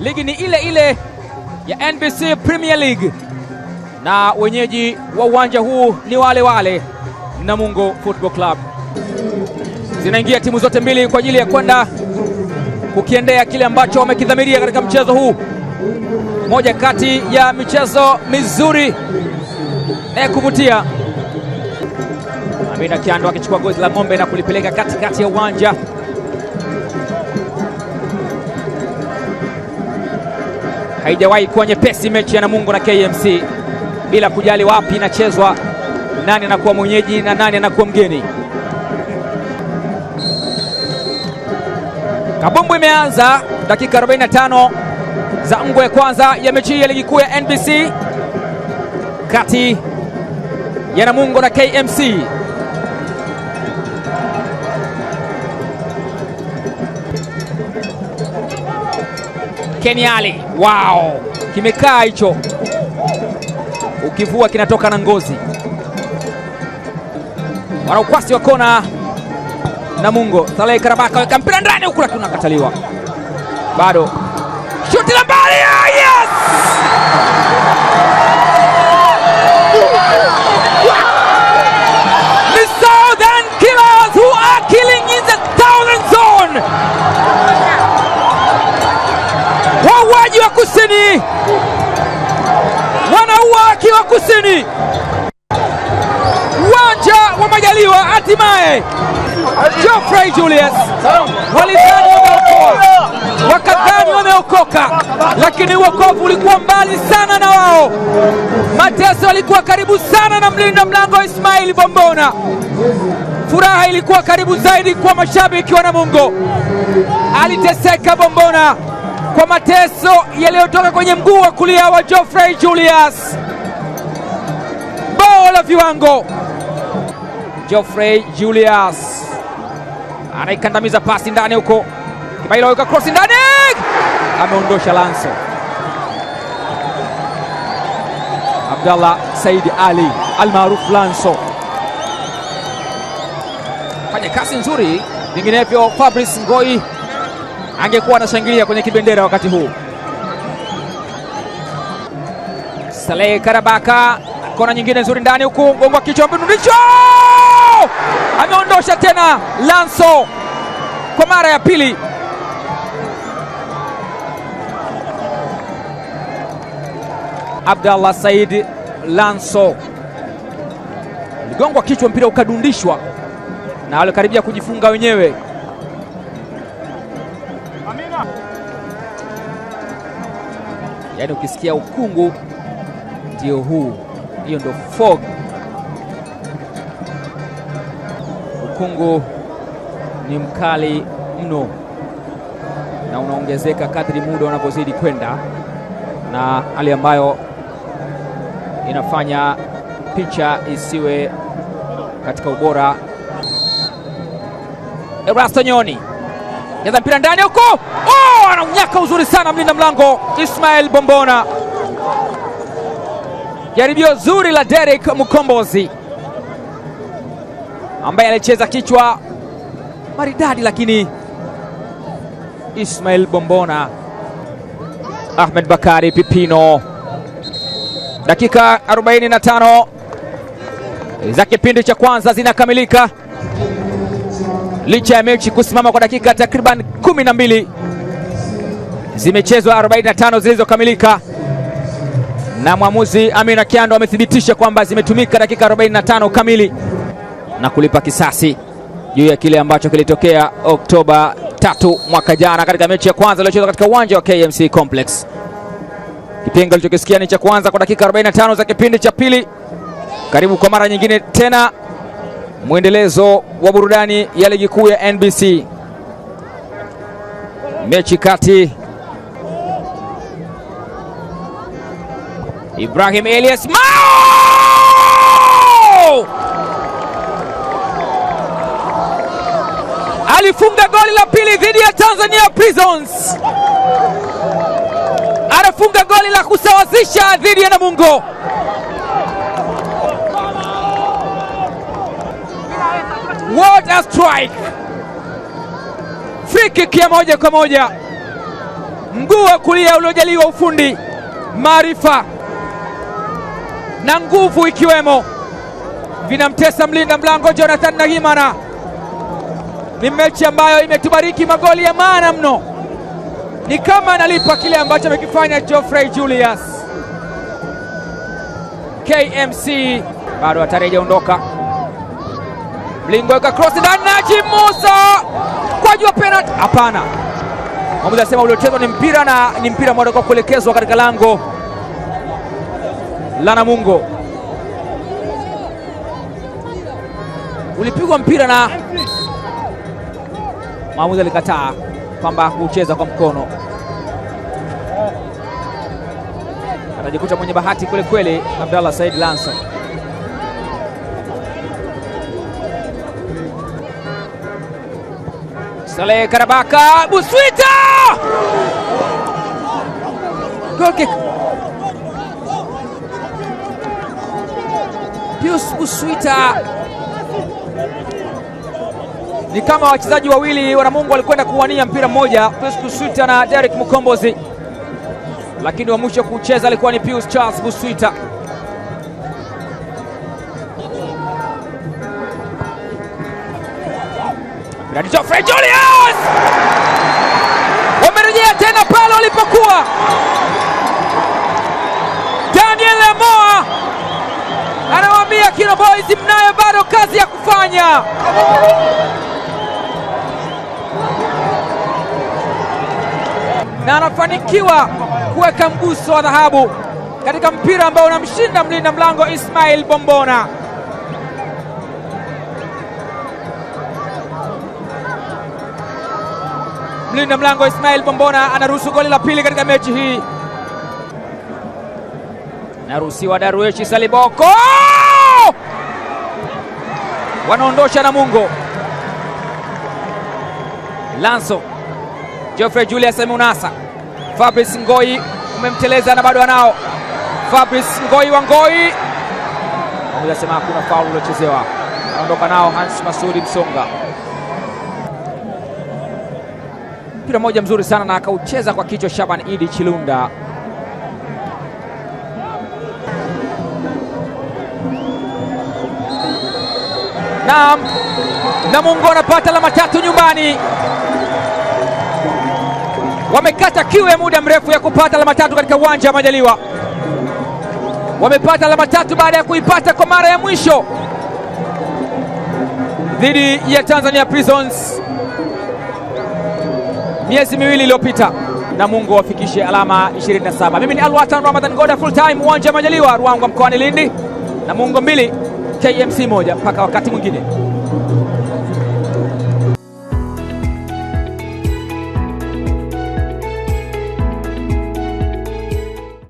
Ligi ni ile ile ya NBC Premier League na wenyeji wa uwanja huu ni wale wale Namungo Football Club. Zinaingia timu zote mbili kwa ajili ya kwenda kukiendea kile ambacho wamekidhamiria katika mchezo huu, moja kati ya michezo mizuri na ya kuvutia. Amina Kiando akichukua gozi la ng'ombe na kulipeleka katikati ya uwanja. Haijawahi kuwa nyepesi mechi ya Namungo na KMC, bila kujali wapi inachezwa, nani anakuwa mwenyeji na nani anakuwa mgeni. Kabumbu imeanza dakika 45 za ngwe ya kwanza ya mechi hii ya ligi kuu ya NBC kati ya Namungo na KMC. Keniali, wow, kimekaa hicho, ukivua kinatoka na ngozi. ukwasi wa kona Namungo. Salehe Karabaka weka mpira ndani, huku lakini unakataliwa bado, shuti la mbali. Ah, yes! wa Kusini, uwanja wa Majaliwa. Hatimaye Geoffrey Julius, walidhani wameokoa, wakadhani wameokoka, lakini uokovu ulikuwa mbali sana na wao. Mateso yalikuwa karibu sana na mlinda mlango Ismail Bombona. Furaha ilikuwa karibu zaidi kwa mashabiki wa Namungo. Aliteseka Bombona kwa mateso yaliyotoka kwenye mguu wa kulia wa Geoffrey Julius viwango. Geoffrey Julius anaikandamiza pasi ndani huko, Kibaila aweka cross ndani, ameondosha Lanso. Abdallah Said Ali almaarufu Lanso fanya kasi nzuri, vinginevyo Fabrice Ngoi angekuwa anashangilia kwenye kibendera wakati huu. Saleh Karabaka Kona nyingine nzuri ndani huku, wa kichwa Mnudicho ameondosha tena Lanso kwa mara ya pili. Abdallah Said Lanso ligongwa kichwa, mpira ukadundishwa na walikaribia kujifunga wenyewe. Amina. Yaani ukisikia ukungu ndio huu hiyo ndo fog, ukungu ni mkali mno na unaongezeka kadri muda unavyozidi kwenda, na hali ambayo inafanya picha isiwe katika ubora. Erasto Nyoni jaza mpira ndani huko, oh, anaunyaka uzuri sana mlinda mlango Ismail Bombona. Jaribio zuri la Derek Mkombozi ambaye alicheza kichwa maridadi, lakini Ismail Bombona. Ahmed Bakari Pipino, dakika 45 za kipindi cha kwanza zinakamilika licha ya mechi kusimama kwa dakika takriban 12 zimechezwa 45 zilizokamilika na mwamuzi Amina kiando amethibitisha kwamba zimetumika dakika 45 kamili na kulipa kisasi juu ya kile ambacho kilitokea Oktoba tatu mwaka jana katika mechi ya kwanza iliyochezwa katika uwanja wa KMC Complex. Kipenga alichokisikia ni cha kwanza kwa dakika 45 za kipindi cha pili. Karibu kwa mara nyingine tena, mwendelezo wa burudani ya ligi kuu ya NBC, mechi kati Ibrahim Elias Mao alifunga goli la pili dhidi ya Tanzania Prisons, anafunga goli la kusawazisha dhidi ya Namungo. What a strike! Free kick ya moja kwa moja, mguu wa kulia uliojaliwa ufundi, maarifa na nguvu ikiwemo vinamtesa mlinda mlango Jonathan Nahimana. Ni mechi ambayo imetubariki magoli ya maana mno, ni kama analipa kile ambacho amekifanya Geoffrey Julius. KMC bado hatareja ondoka, mlingo weka cross ndani, Najim Musa kwa jua penalty. Hapana, mwamuzi anasema uliochezwa ni mpira na ni mpira mwada kuelekezwa katika lango la Namungo. Ulipigwa mpira na maamuzi alikataa kwamba kucheza kwa mkono, atajikuta mwenye bahati kweli kweli. Abdallah Said Lanson Saleh Karabaka Buswita goalkick Pius Buswita ni kama wachezaji wawili Wanamungu walikwenda kuwania mpira mmoja, Pius Buswita na Derek mkombozi lakini wa mwisho kucheza alikuwa ni Pius Charles Buswita. Geoffrey Julius wamerejea tena pale walipokuwa Daniel Lemoa Anawaambia Kino Boys, mnayo bado kazi ya kufanya. Na anafanikiwa kuweka mguso wa dhahabu katika mpira ambao unamshinda mlinda mlango Ismail Bombona. Mlinda mlango Ismail Bombona anaruhusu goli la pili katika mechi hii naruhusiwa Darueshi Saliboko wanaondosha na mungo Lanso Geoffrey Julius Munasa, Fabrice Ngoi umemteleza na bado anao Fabrice Ngoi wa Ngoi asema hakuna faulu uliochezewa, anaondoka nao Hans Masudi Msonga. Mpira mmoja mzuri sana na akaucheza kwa kichwa Shaban Idi Chilunda. na Namungo anapata alama tatu nyumbani. Wamekata kiu ya muda mrefu ya kupata alama tatu katika uwanja wa Majaliwa. Wamepata alama tatu baada ya kuipata kwa mara ya mwisho dhidi ya Tanzania Prisons miezi miwili iliyopita. Namungo wafikishe alama 27. Mimi ni Alwatan Ramadhan Goda, full time uwanja wa Majaliwa, Ruangwa, mkoani Lindi. Namungo mbili KMC moja mpaka wakati mwingine.